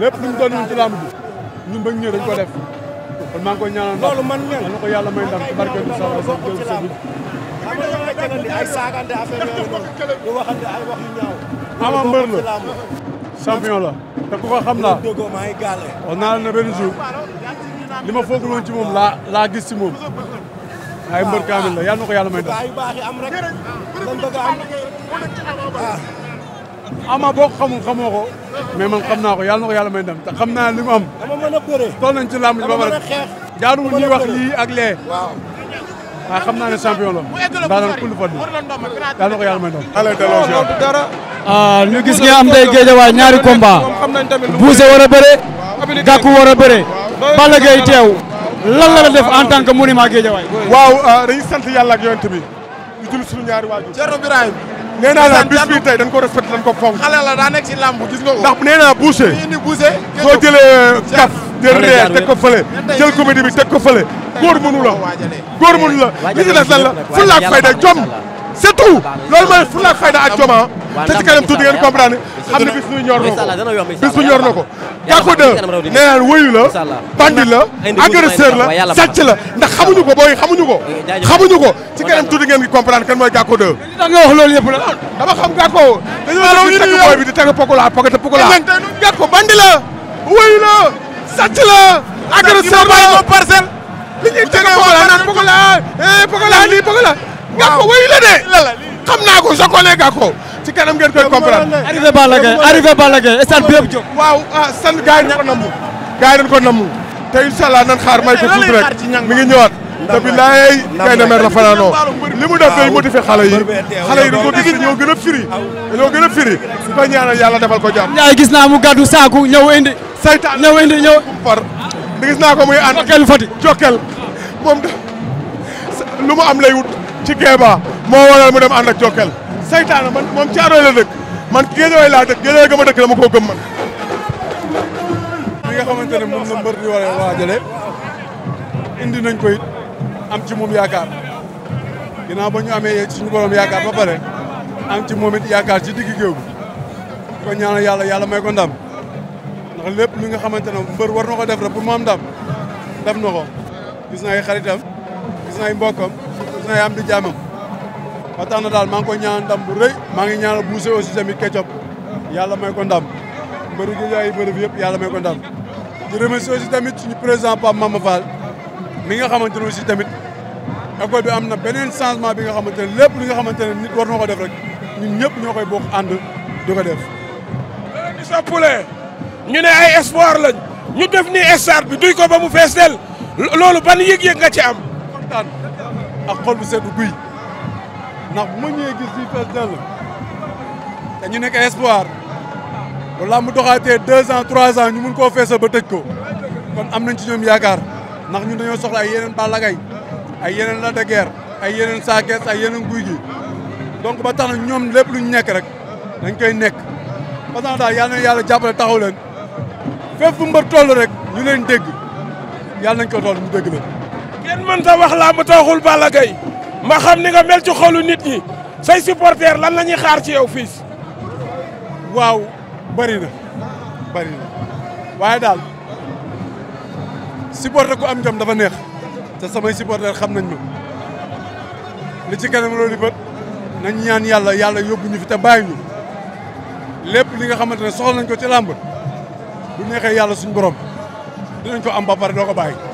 lépp lu mu doon ñun ci làmb bi ñun ba ñu ñëw dañ ko def kon maa ngi koy ñaanal loolu man ngeen na ko yàlla may ndam ci barke bi sax sax jël sa bi ay saagante affaire yooyu noonu ay wax yu ñaaw mbër la champion la te ku ko xam laa wax naa la ne benn jour li ma foogul woon moom laa laa gis ci moom ay mbër kaamil la yàlla na ko yàlla may ndam ama boo ko xamul xamoo ko mais man xam naa ko yàlla yàlla may ndam te xam naa li mu am. dama mën a bëre toll nañ ci làmb ji ba pare jaaduwul ñuy wax lii ak lee. waaw ah, xam naa ne champion la daanaka kulli fan bi yàlla na ko yàlla may ndam. allez dara. ah ñu gis nga am tey géejawaay ñaari combat Boucher war a bëre. Gàkku war a bëre. Balla Gaye teew lan la la def en tant que ma géejawaay. waaw ah, dañuy sant yàlla ak yonent bi ñu jul suñu ñaari waajur. Thierno nee na la bis bi tey dañ ko respecté dañ ko fonk. xale ko. ndax nee naa boucher. kaf euh, jël reer teg ko fële. jël comédie bi teg ko fële. góor mënu la góor mënu la li ci des la fu jom c'est tout loolu mooy fulla ak fayda ak jom ah. te ci kanam tuuti ngeen comprendre xam ne bis bu ñor na ko bis nee naan wëyu la bandit la agresseur la sàcc la ndax xamuñu ko booy xamuñu ko eh, xamuñu ko ci kanam tuuti ngeen ngi comprendre kan mooy Gackou 2 li tax nga wax loolu yëpp la dama xam Gackou dañoo di takk booy bi di takk pokola pokata pokola eh, Gackou bandit la wëyu la sàcc la la parcelle li ñuy takk pokola naan pokola Gackou wëy la de. xam naa ko je connais Gackou ci kanam ngeen koy comprendre. arrivé Balla Gaye arrivé Balla Gaye stade bi yëpp jóg. waaw ah san gars yi dañ ko na gars yi dañ ko namm. te incha allah nan xaar may ko tuuti rek mi ngi ñëwaat. te billaay kay na mer la fanaanoo li mu def day motivé xale yi xale yi ko gis ñoo gën a firi dañoo gën a firi su ko ñaanal yàlla defal ko jàmm ñaay gis naa mu gàddu saaku ñëw indi saytaan ñëw indi ñëw far gis naa ko muy an jokkel Fatick jokkel moom lu mu am lay wu ci Kéba moo waral mu dem ànd ak Jokal saytaana man moom Caaroy la dëkk man Géejawaay laa dëkk Géejawaay ga ma dëkk dama koo gëm man. li nga xamante ne moom mbër di war a waajale indi nañ ko am ci moom yaakaar ginnaaw ba ñu amee suñu borom yaakaar ba pare am ci moom it yaakaar ci digg géew bi ko ñaanal yàlla yàlla may ko ndam ndax lépp li nga xamante ne mbër war na ko def rek pour mu am ndam def na ko gis na ay gis na ay partenaire yi am di jaamam ba tax daal maa ngi koy ñaanal ndam bu rëy maa ngi ñaanal Boucher aussi tamit Ketchup yàlla may ko ndam mbëri gi yaay mbëri bi yëpp yàlla may ko ndam di remercier aussi tamit suñu président Pape Mama Fall mi nga xamante ne aussi tamit école bi am na beneen changement bi nga xamante ne lépp li nga xamante ne nit war na def rek ñun ñëpp ñoo koy bokk ànd di ko def di soppule ñu ne ay espoir lañ ñu def ni stade bi duy ko ba mu fees del loolu ban yëg-yëg nga ci am kontaan ak xol bu seddu guy ndax bu ma ñëwee gis fii fees dell te ñu nekk espoir bu làmb doxaatee deux ans trois ans ñu mun koo feesal ba tëj ko kon am nañ ci ñoom yaakaar ndax ñun dañoo soxla ay yeneen Balla Gaye ay yeneen Lac de Guiers ay yeneen Sa Thiès yeneen Gouye donc ba tax ñoom lépp lu ñu nekk rek dañ koy nekk ba tax na daal yal na yàlla jàppale taxaw leen fépp fu toll rek ñu leen dégg yàlla nañ ko toll ñu dégg kenn mën ta wax làmb tooxul Balla Gaye ma xam ni nga mel ci xolu nit ñi say supporters lan la ñuy xaar ci yow fiis waaw bëri na bëri na waaye daal supporter ku am jom dafa neex te samay supporters xam nañ ma li ci kanam loolu di bët nañ ñaan yàlla yàlla yóbbu ñu fi te bàyyi ñu lépp li nga xamante ne soxla nañ ko ci làmb bu neexee yàlla suñu borom dinañ ko am ba pare doo ko bàyyi.